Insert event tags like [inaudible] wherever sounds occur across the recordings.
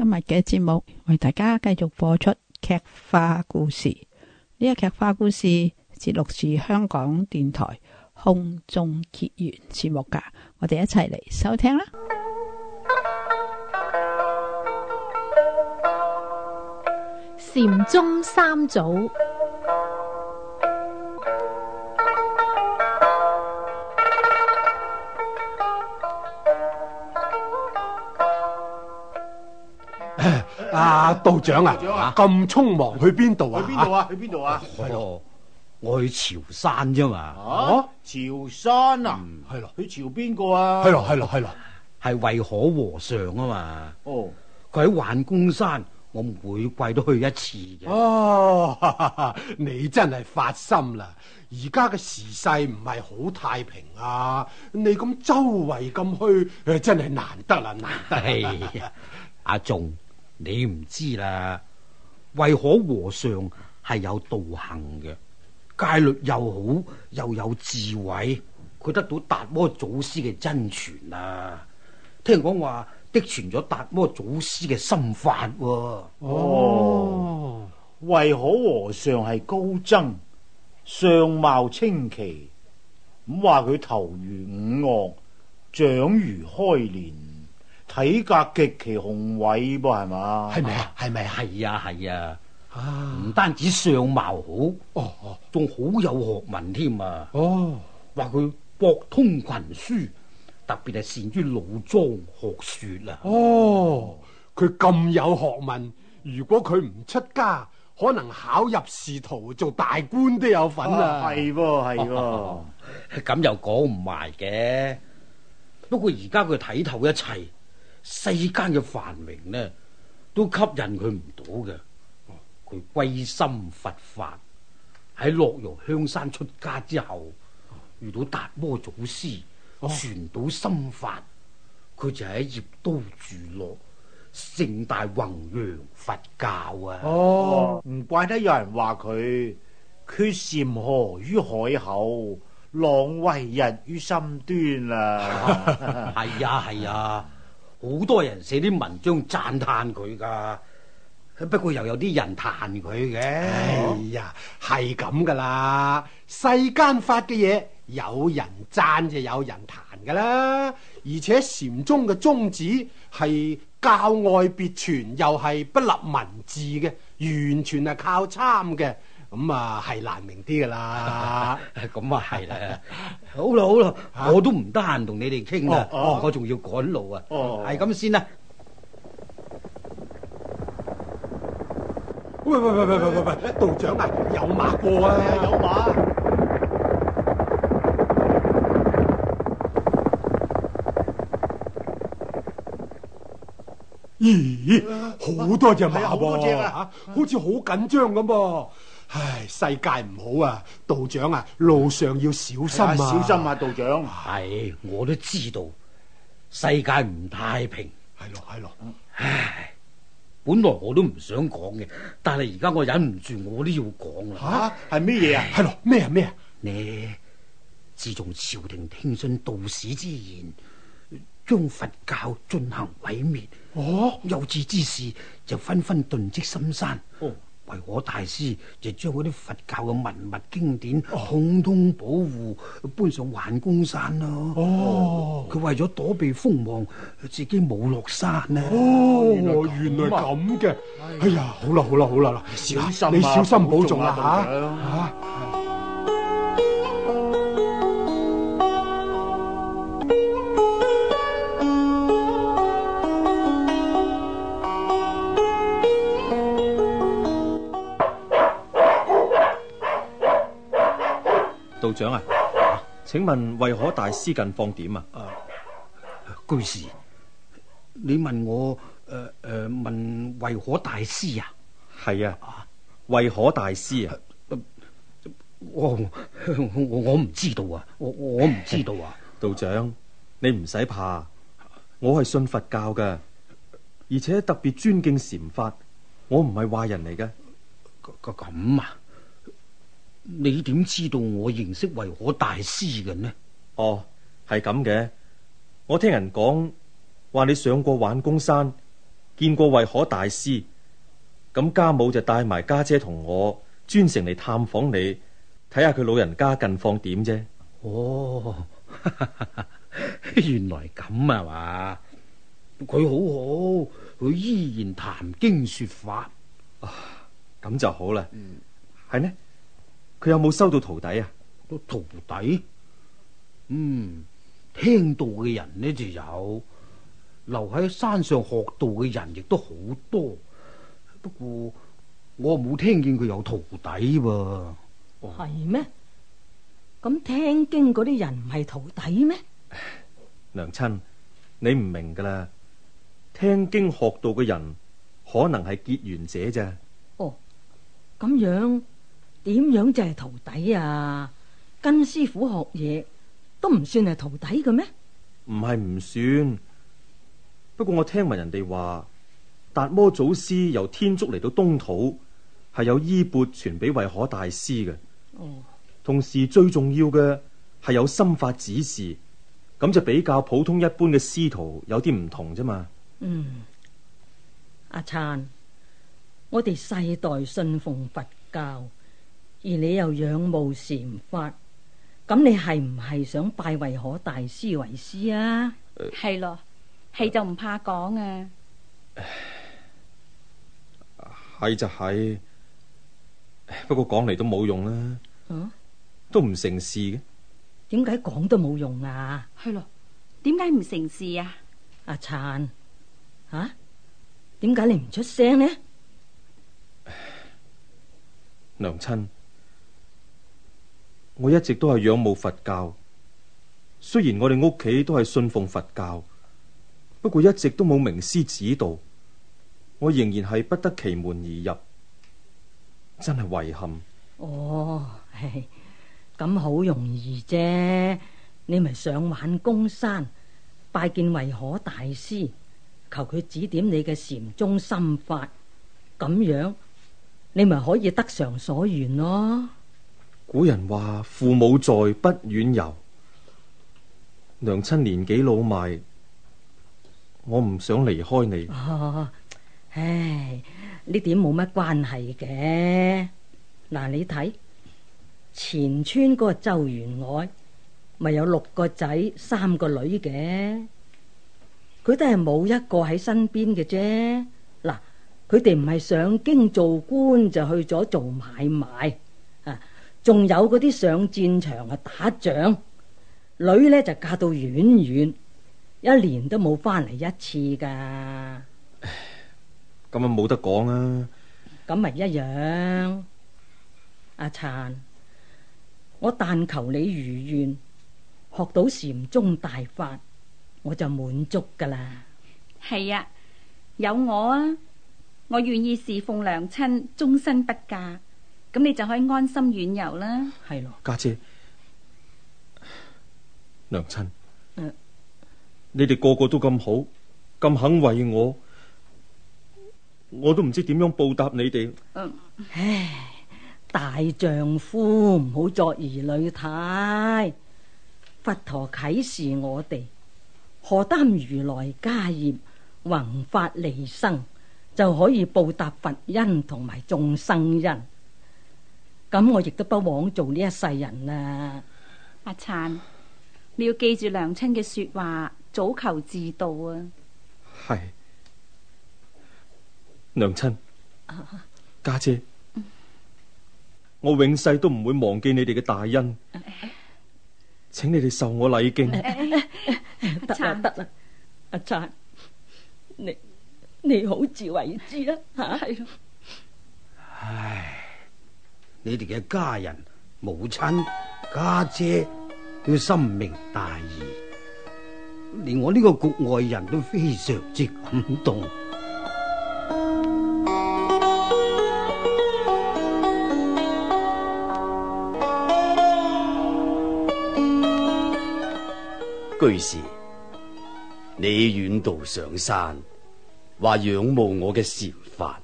今日嘅節目為大家繼續播出劇化故事，呢個劇化故事節錄是香港電台空中結緣節目噶我哋一齊嚟收聽啦。禪宗三祖。道長啊，咁匆忙去邊度啊？去邊度啊？去邊度啊？係咯，我去朝山啫嘛。哦，朝山啊，係咯，去朝邊個啊？係咯，係咯，係咯，係慧可和尚啊嘛。哦，佢喺環公山，我每季都去一次嘅。哦，你真係發心啦！而家嘅時勢唔係好太平啊，你咁周圍咁去，真係難得啦，難得。阿仲。你唔知啦，慧可和尚係有道行嘅，戒律又好，又有智慧。佢得到達摩祖師嘅真傳啦，聽講話的傳咗達摩祖師嘅心法啊。哦，慧可和尚係高僧，相貌清奇，咁話佢頭如五岳，掌如開蓮。體格極其雄偉噃，係嘛？係咪啊？係咪？係啊，係啊，唔單止相貌好，哦哦，仲好有學問添啊。哦，話佢博通群書，特別係善於老莊學説啊。哦，佢咁有學問，如果佢唔出家，可能考入仕途做大官都有份啊。係喎，係喎，咁又講唔埋嘅。不過而家佢睇透一切。世間嘅繁榮呢，都吸引佢唔到嘅。佢歸心佛法，喺洛陽香山出家之後，遇到達摩祖師，傳到心法，佢、哦、就喺葉都住落，盛大弘揚佛教啊！唔、哦、怪得有人話佢，缺善河於海口，浪為人於心端啊！係 [laughs] [laughs] 啊，係啊。 [laughs] 好多人寫啲文章讚歎佢㗎，不過又有啲人彈佢嘅。哎呀，係咁㗎啦，世間法嘅嘢有人贊就有人彈㗎啦。而且禪宗嘅宗旨係教外別傳，又係不立文字嘅，完全係靠參嘅。咁啊，係難明啲噶啦。咁啊，係啦。好啦，好啦，我都唔得閒同你哋傾啦。哦，我仲要趕路啊。哦，係咁先啦。喂喂喂喂喂喂，道長啊，有馬過啊。有馬。咦，好多隻馬喎。好多隻啊，吓，好似好緊張咁噃。唉，世界唔好啊！道長啊，路上要小心啊！小心啊，道長！係我都知道，世界唔太平。係咯，係咯。唉，本來我都唔想講嘅，但係而家我忍唔住，我都要講啦。吓，係咩嘢啊？係咯，咩啊咩啊？你自從朝廷聽信道士之言，將佛教進行毀滅，哦，幼稚之事就紛紛遁跡深山。哦。為我大師就將嗰啲佛教嘅文物經典統統保護，搬上環公山咯。哦，佢為咗躲避鋒芒，自己冇落山呢。哦，原來咁嘅，啊。哎呀，好啦好啦好啦啦，小心你小心，啊、你小心保重啦吓吓。道長啊，請問慧可大師近況點啊？居士，你問我誒誒、呃、問慧可大師啊？係啊，慧、啊、可大師啊，啊我我唔知道啊，我我唔知道啊。 [laughs] 道長，你唔使怕，我係信佛教噶，而且特別尊敬禪法，我唔係壞人嚟嘅。個咁啊？你點知道我認識慧可大師嘅呢？哦，係咁嘅。我聽人講話你上過玩公山，見過慧可大師。咁家母就帶埋家姐同我專程嚟探訪你，睇下佢老人家近況點啫。哦哈哈哈哈，原來咁啊嘛。佢好好，佢依然談經說法啊。咁就好啦。嗯，係咩？佢有冇收到徒弟啊？徒弟，嗯，聽道嘅人呢就有，留喺山上學道嘅人亦都好多。不過我冇聽見佢有徒弟噃。啊。係、哦、咩？咁聽經嗰啲人唔係徒弟咩？娘親，你唔明噶啦，聽經學道嘅人可能係結緣者啫。哦，咁樣。點樣就係徒弟啊？跟師傅學嘢都唔算係徒弟嘅咩？唔係唔算，不過我聽聞人哋話達摩祖師由天竺嚟到東土，係有衣缽傳俾慧可大師嘅。哦，同時最重要嘅係有心法指示，咁就比較普通一般嘅師徒有啲唔同啫嘛。嗯，阿燦，我哋世代信奉佛教。而你又仰慕禪法，咁你係唔係想拜慧可大師為師啊？係咯、呃，係就唔怕講啊。係就係，不過講嚟都冇用啦，都唔成事嘅。點解講都冇用啊？係咯，點解唔成事啊？阿燦，啊，點解你唔出聲呢？娘親。我一直都係仰慕佛教，雖然我哋屋企都係信奉佛教，不過一直都冇名師指導，我仍然係不得其門而入，真係遺憾。哦，嘿，咁好容易啫！你咪上皖公山拜見慧可大師，求佢指點你嘅禪宗心法，咁樣你咪可以得償所願咯。古人話父母在，不遠遊。娘親年紀老邁，我唔想離開你。哦，唉，呢點冇乜關係嘅。嗱，你睇，前村嗰個周員外，咪有六個仔三個女嘅，佢哋係冇一個喺身邊嘅啫。嗱，佢哋唔係上京做官，就去咗做買賣。仲有嗰啲上戰場啊打仗，女呢就嫁到遠遠，一年都冇翻嚟一次噶。咁啊冇得講啊！咁咪一樣，阿燦，我但求你如願學到禪宗大法，我就滿足噶啦。係啊，有我啊，我願意侍奉娘親，終身不嫁。咁你就可以安心遠遊啦。係咯，家姐、娘親，你哋個個都咁好，咁肯為我，我都唔知點樣報答你哋。唉，大丈夫唔好作兒女態。佛陀啟示我哋，何擔如來家業，宏法利生，就可以報答佛恩同埋眾生恩。咁我亦都不枉做呢一世人啦！阿燦，你要記住娘親嘅說話，早求自度啊！係，娘親，家姐，我永世都唔會忘記你哋嘅大恩，請你哋受我禮敬。得得啦，阿燦，你你好自為之啦吓。係。唉。你哋嘅家人、母親、家姐，姐都深明大義，連我呢個局外人都非常之感動。 [music] [music] 居士，你遠道上山，話仰慕我嘅禪法，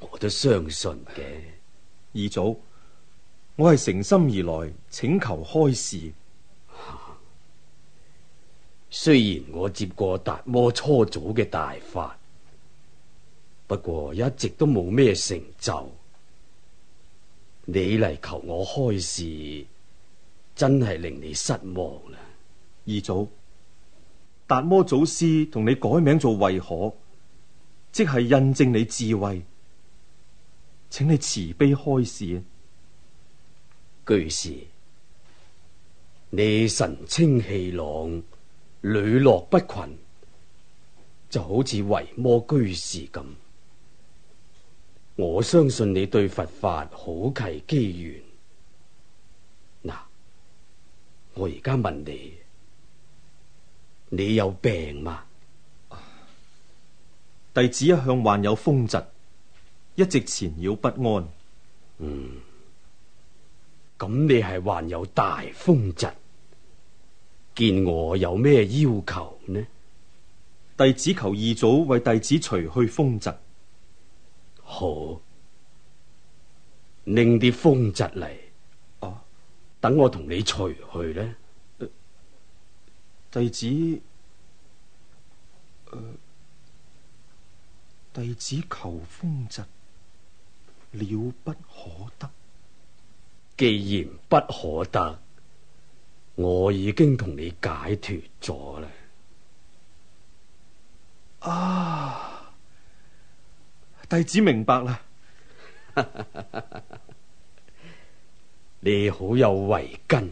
我都相信嘅。二祖，我係誠心而來請求開示，啊。雖然我接過達摩初祖嘅大法，不過一直都冇咩成就。你嚟求我開示，真係令你失望啦。二祖，達摩祖師同你改名做慧可，即係印證你智慧。請你慈悲開示。居士，你神清氣朗、磊落不群，就好似維摩居士咁。我相信你對佛法好契機緣。嗱，我而家問你，你有病嗎？弟子一向患有風疾。一直纏繞不安。嗯，咁你係患有大風疾，見我有咩要求呢？弟子求二祖為弟子除去風疾。好，拎啲風疾嚟，哦、啊，等我同你除去呢、啊？弟子、呃，弟子求風疾。了不可得，既然不可得，我已經同你解脱咗啦。啊，弟子明白啦。 [laughs] 你好有慧根，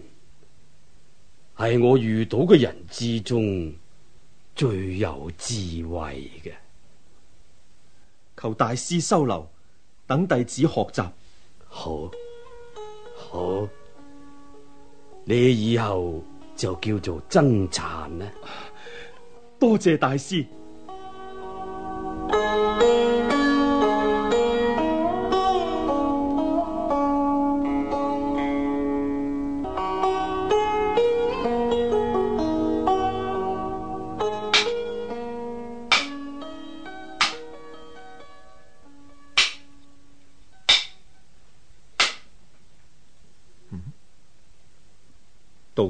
係我遇到嘅人之中最有智慧嘅，求大師收留。等弟子學習。好，好，你以後就叫做真禪啦。多謝大師。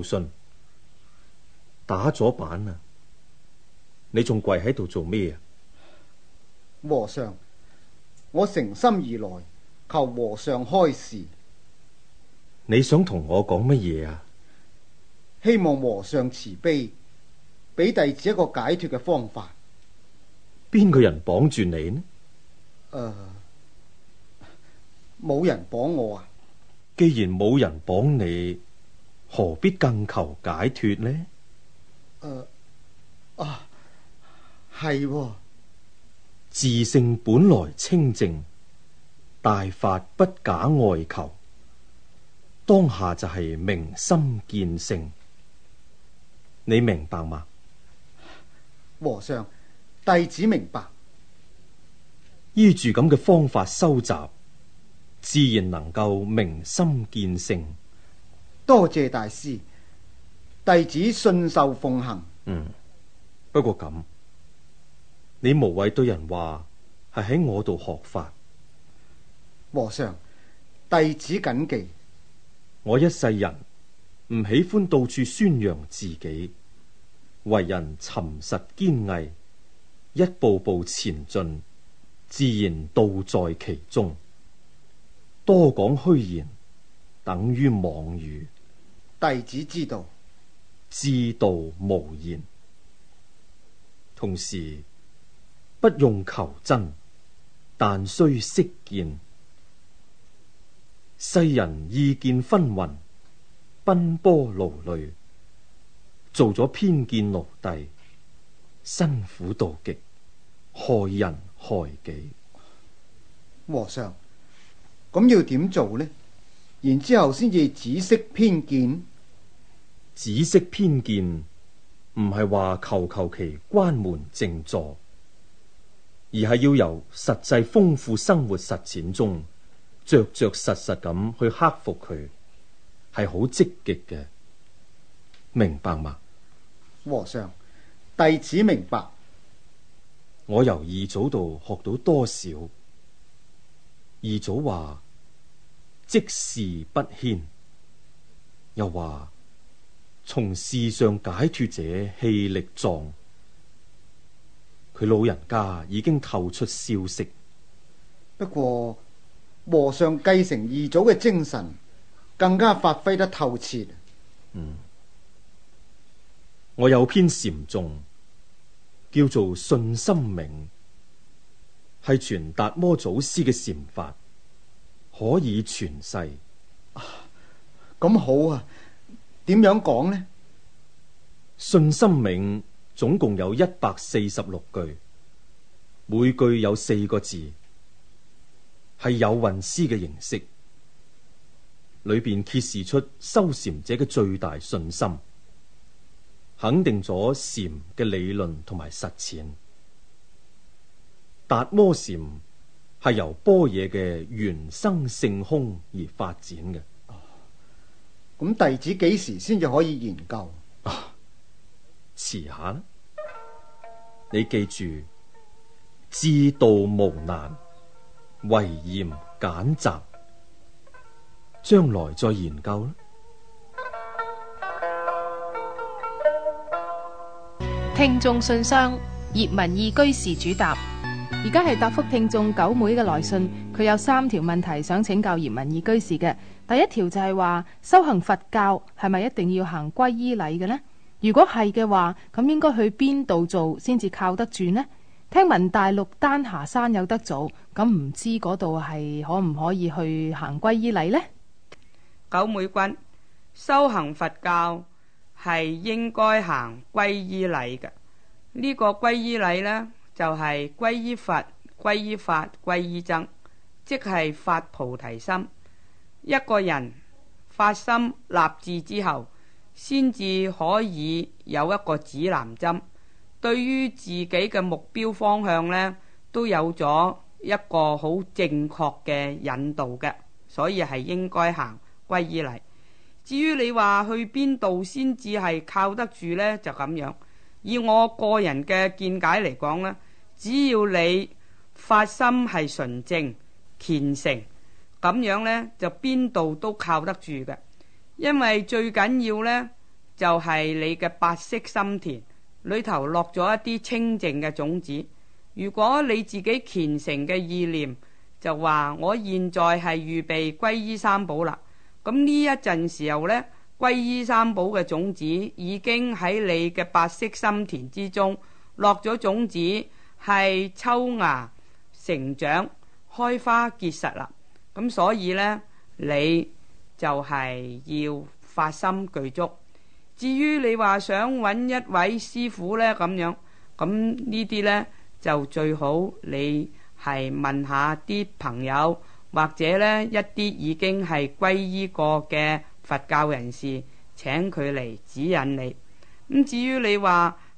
信打咗板啊！你仲跪喺度做咩啊？和尚，我誠心而來，求和尚開示。你想同我講乜嘢啊？希望和尚慈悲，俾弟子一個解脫嘅方法。邊個人綁住你呢？誒、呃，冇人綁我啊！既然冇人綁你。何必更求解脫呢？誒、啊，啊，係、啊、自性本來清淨，大法不假外求，當下就係明心見性。你明白嗎？和尚，弟子明白。依住咁嘅方法修習，自然能夠明心見性。多謝大師，弟子信受奉行。嗯，不過咁，你無謂對人話係喺我度學法。和尚，弟子謹記。我一世人唔喜歡到處宣揚自己，為人沉實堅毅，一步步前進，自然道在其中。多講虛言，等於妄語。弟子之道，至道無言。同時，不用求真，但須識見。世人意見紛紜，奔波勞累，做咗偏見奴隸，辛苦到極，害人害己。和尚，咁要點做呢？然之後先至只識偏見。只識偏見，唔係話求求其關門靜坐，而係要由實際豐富生活實踐中，着着實實咁去克服佢，係好積極嘅。明白嗎？和尚，弟子明白。我由二祖度學到多少？二祖話：即事不遷，又話。從事上解脱者氣力壯，佢老人家已經透出消息。不過和尚繼承二祖嘅精神，更加發揮得透徹。嗯，我有篇禪宗叫做《信心明》，係傳達摩祖師嘅禪法，可以傳世。啊，咁好啊！點樣講呢？信心銘總共有一百四十六句，每句有四個字，係有韻詩嘅形式，裏邊揭示出修禪者嘅最大信心，肯定咗禪嘅理論同埋實踐。達摩禪係由般若嘅原生性空而發展嘅。咁弟子幾時先至可以研究？啊，遲下，你記住，至道無難，唯嫌揀擇，將來再研究啦。聽眾信箱，葉文義居士主答。而家係答覆聽眾九妹嘅來信，佢有三條問題想請教嚴文義居士嘅。第一條就係話，修行佛教係咪一定要行皈依禮嘅呢？如果係嘅話，咁應該去邊度做先至靠得住呢？聽聞大陸丹霞山有得做，咁唔知嗰度係可唔可以去行皈依禮呢？九妹君，修行佛教係應該行皈依禮嘅，呢、這個皈依禮呢？就係歸依佛、歸依法、歸依僧，即係發菩提心。一個人發心立志之後，先至可以有一個指南針，對於自己嘅目標方向呢，都有咗一個好正確嘅引導嘅。所以係應該行歸依嚟。至於你話去邊度先至係靠得住呢，就咁樣。以我個人嘅見解嚟講呢。只要你發心係純正虔誠咁樣呢，就邊度都靠得住嘅。因為最緊要呢，就係你嘅白色心田裏頭落咗一啲清淨嘅種子。如果你自己虔誠嘅意念就話，我現在係預備歸依三寶啦。咁呢一陣時候呢，歸依三寶嘅種子已經喺你嘅白色心田之中落咗種子。係抽芽、成長、開花結實啦，咁所以呢，你就係要發心具足。至於你話想揾一位師傅呢，咁樣，咁呢啲呢，就最好你係問下啲朋友，或者呢一啲已經係皈依過嘅佛教人士，請佢嚟指引你。咁至於你話，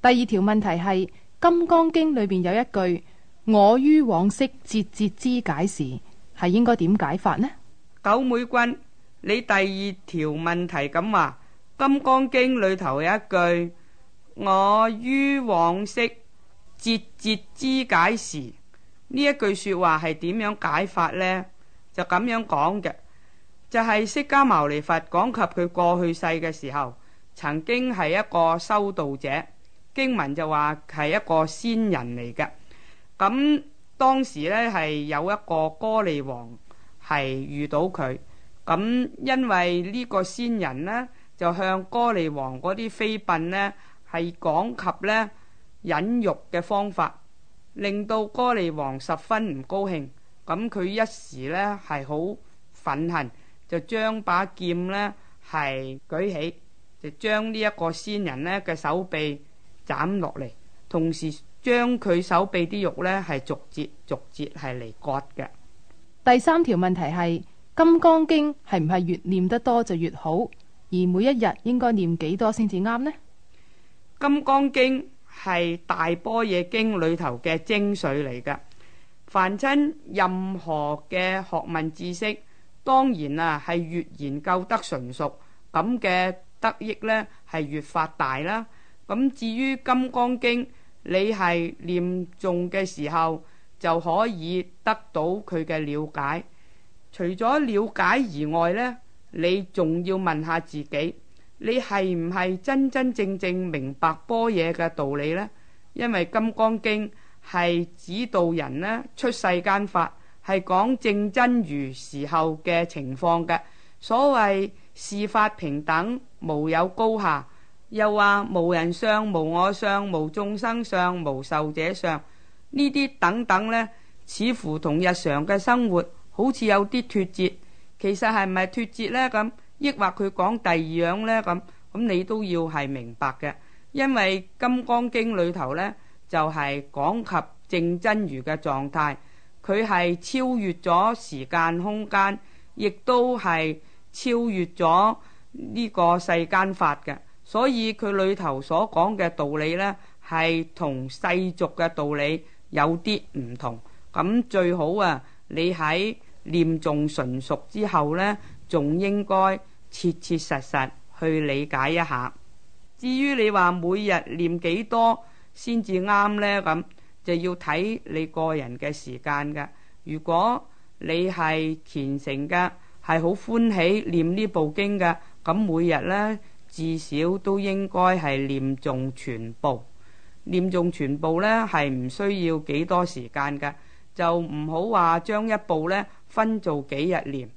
第二條問題係《金剛經》裏邊有一句，我於往昔節節之解時，係應該點解法呢？九妹君，你第二條問題咁話，《金剛經》裏頭有一句，我於往昔節節之解時，呢一句說話係點樣解法呢？就咁樣講嘅，就係釋迦牟尼佛講及佢過去世嘅時候，曾經係一個修道者。經文就話係一個仙人嚟嘅，咁當時呢，係有一個歌利王係遇到佢，咁因為呢個仙人呢，就向歌利王嗰啲妃嬪呢，係講及呢忍辱嘅方法，令到歌利王十分唔高興，咁佢一時呢，係好憤恨，就將把劍呢，係舉起，就將呢一個仙人呢嘅手臂。斬落嚟，同時將佢手臂啲肉呢係逐節逐節係嚟割嘅。第三條問題係《金剛經》係唔係越念得多就越好？而每一日應該念幾多先至啱呢？《金剛經》係大般若經裏頭嘅精髓嚟㗎。凡親任何嘅學問知識，當然啊係越研究得純熟，咁嘅得益呢係越發大啦。咁至於《金剛經》，你係念誦嘅時候就可以得到佢嘅了解。除咗了，了解而外呢，你仲要問下自己，你係唔係真真正正明白般若嘅道理呢？因為《金剛經》係指導人呢出世間法，係講正真如時候嘅情況嘅。所謂是法平等，無有高下。又話無人相、無我相、無眾生相、無受者相呢啲等等，呢似乎同日常嘅生活好似有啲脫節。其實係咪脫節呢？咁抑或佢講第二樣呢？咁咁，你都要係明白嘅，因為《金剛經》裏頭呢，就係講及正真如嘅狀態，佢係超越咗時間空間，亦都係超越咗呢個世間法嘅。所以佢裏頭所講嘅道理呢，係同世俗嘅道理有啲唔同。咁最好啊，你喺念誦純熟之後呢，仲應該切切實實去理解一下。至於你話每日念幾多先至啱呢？咁就要睇你個人嘅時間㗎。如果你係虔誠㗎，係好歡喜念呢部經㗎，咁每日呢。至少都應該係念誦全部，念誦全部呢係唔需要幾多時間嘅，就唔好話將一部呢分做幾日念。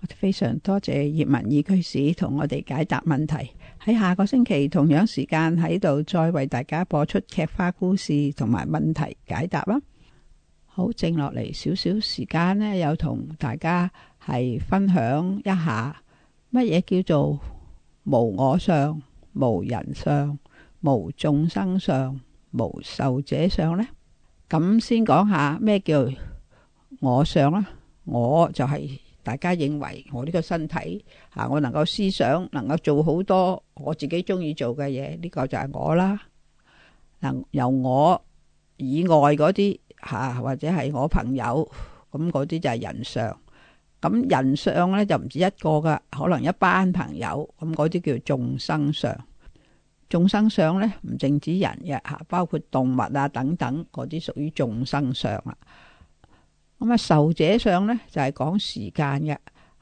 我哋非常多謝葉文爾居士同我哋解答問題。喺下個星期同樣時間喺度再為大家播出劇花故事同埋問題解答啊！好，剩落嚟少少時間呢，又同大家係分享一下乜嘢叫做無我相，無人相，無眾生相，無受者相呢？咁先講下咩叫我相啦。我就係、是、大家認為我呢個身體吓，我能夠思想，能夠做好多我自己中意做嘅嘢，呢、這個就係我啦。嗱，由我以外嗰啲吓，或者係我朋友咁嗰啲就係人相。咁人相咧就唔止一個噶，可能一班朋友，咁嗰啲叫眾生相。眾生相咧唔淨止人嘅吓，包括動物啊等等，嗰啲屬於眾生相啦。咁啊壽者相咧就係講時間嘅。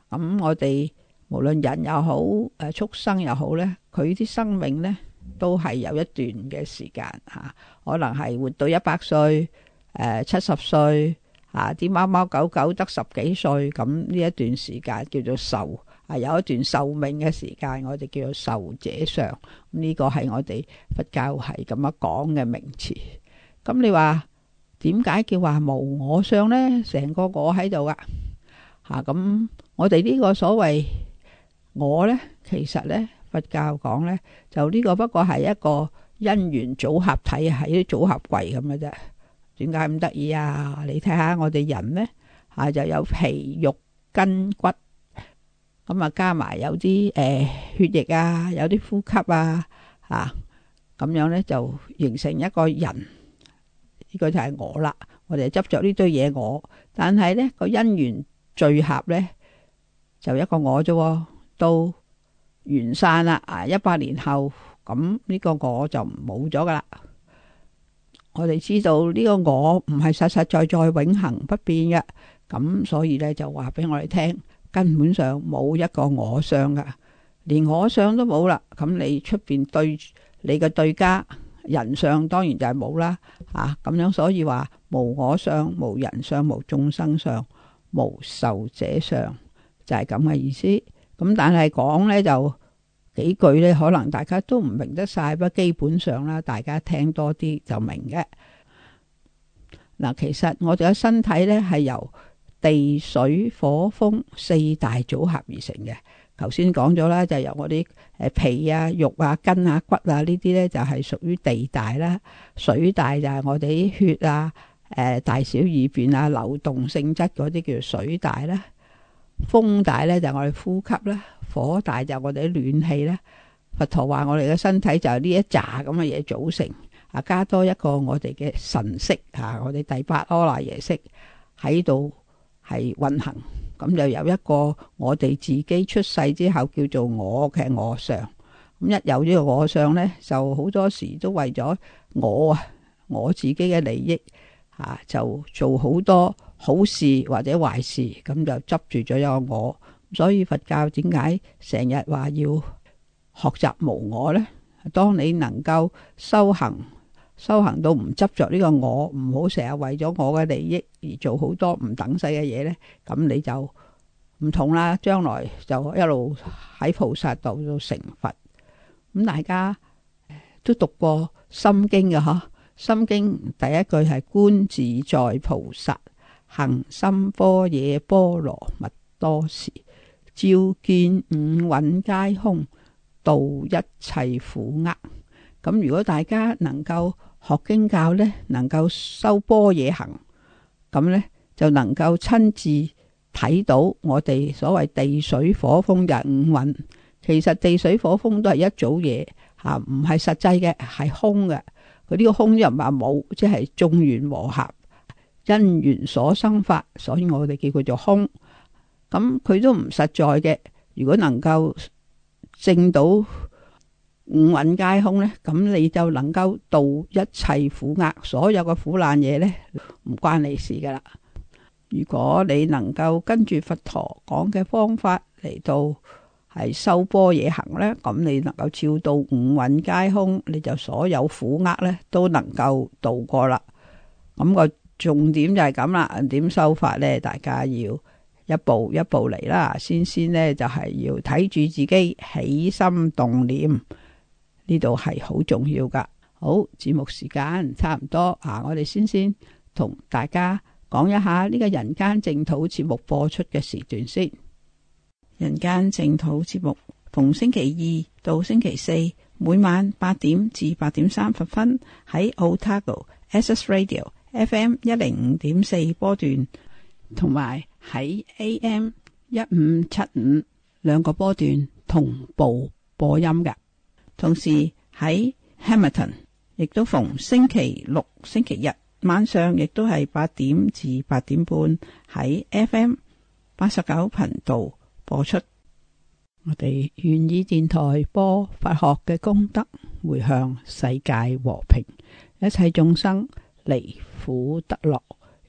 咁我哋無論人又好誒，畜生又好咧，佢啲生命咧都係有一段嘅時間吓，可能係活到一百歲誒，七十歲。啊！啲貓貓狗狗得十幾歲，咁呢一段時間叫做壽，啊有一段壽命嘅時間，我哋叫做壽者相。呢個係我哋佛教係咁樣講嘅名詞。咁你話點解叫話無我相咧？成個我喺度噶嚇。咁我哋呢個所謂我咧，其實咧佛教講咧，就呢個不過係一個因緣組合體，係啲組合櫃咁嘅啫。點解咁得意啊？你睇下我哋人咧，吓就有皮肉筋骨，咁啊加埋有啲誒血液啊，有啲呼吸啊，吓咁樣咧就形成一個人。呢個就係我啦，我哋執著呢堆嘢，我，但係咧個因緣聚合咧就一個我啫，到緣散啦，啊一百年後，咁呢個我就冇咗噶啦。我哋知道呢個我唔係實實在在永恒不變嘅，咁所以呢就話俾我哋聽，根本上冇一個我相㗎，連我相都冇啦。咁你出邊對你嘅對家人相，當然就係冇啦。吓、啊、咁樣，所以話無我相、無人相、無眾生相、無壽者相，就係咁嘅意思。咁但係講呢就。幾句咧，可能大家都唔明得晒，不過基本上啦，大家聽多啲就明嘅。嗱，其實我哋嘅身體咧，係由地水火風四大組合而成嘅。頭先講咗啦，就由我哋誒皮啊、肉啊、筋啊、骨啊呢啲咧，就係屬於地大啦。水大就係我哋啲血啊、誒大小二便啊、流動性質嗰啲叫做水大啦。風大咧就係我哋呼吸啦。火大就係，我哋啲暖氣咧，佛陀話我哋嘅身體就係呢一紮咁嘅嘢組成，啊加多一個我哋嘅神識，啊我哋第八阿賴耶識喺度係運行，咁就有一個我哋自己出世之後叫做我嘅我相，咁一有咗個我相呢，就好多時都為咗我啊我自己嘅利益，啊就做好多好事或者壞事，咁就執住咗一個我。所以佛教點解成日話要學習無我呢？當你能夠修行，修行到唔執着呢個我，唔好成日為咗我嘅利益而做好多唔等勢嘅嘢呢。咁你就唔同啦。將來就一路喺菩薩道度成佛。咁大家都讀過《心經》嘅嗬，《心經》第一句係觀自在菩薩行深般若波羅蜜多時。照見五蘊皆空，度一切苦厄。咁如果大家能夠學經教呢，能夠修般若行，咁呢，就能夠親自睇到我哋所謂地水火風嘅五蘊。其實地水火風都係一組嘢嚇，唔係實際嘅，係空嘅。佢呢個空又唔係冇，即係眾緣和合，因緣所生法，所以我哋叫佢做空。咁佢都唔實在嘅。如果能夠正到五蘊皆空呢，咁你就能夠度一切苦厄，所有嘅苦難嘢呢，唔關你的事噶啦。如果你能夠跟住佛陀講嘅方法嚟到係修般若行呢，咁你能夠照到五蘊皆空，你就所有苦厄呢都能夠度過啦。咁、那個重點就係咁啦。點修法呢？大家要。一步一步嚟啦，先先呢就係要睇住自己起心動念，呢度係好重要噶好，節目時間差唔多吓。啊，我哋先先同大家講一下呢個人間淨土節目播出嘅時段先。人間淨土節目逢星期二到星期四每晚八點至八點三十分喺 Otago SS Radio FM 一零五點四波段同埋喺 AM 一五七五兩個波段同步播音嘅，同時喺 Hamilton 亦都逢星期六、星期日晚上，亦都係八點至八點半喺 FM 八十九頻道播出。我哋願意電台播佛學嘅功德，回向世界和平，一切眾生離苦得樂。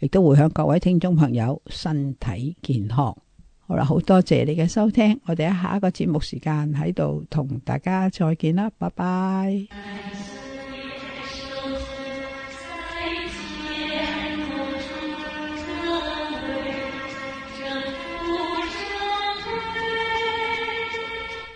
亦都會向各位聽眾朋友身體健康，好啦，好多謝你嘅收聽，我哋喺下一個節目時間喺度同大家再見啦，拜拜。